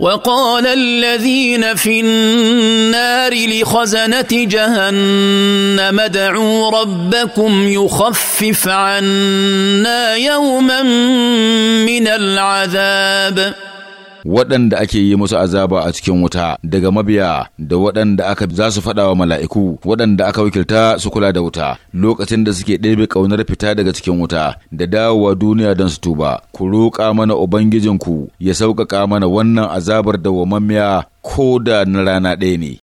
وقال الذين في النار لخزنة جهنم ادعوا ربكم يخفف عنا يوما من العذاب waɗanda ake yi musu azaba a cikin wuta daga mabiya da waɗanda aka za su faɗa wa mala'iku waɗanda aka wakilta su kula da wuta lokacin da suke ɗebe ƙaunar fita daga cikin wuta da dawowa duniya don su tuba ku roƙa mana ubangijinku ya sauƙaƙa mana wannan azabar dawwamammiya ko da na rana ɗaya ne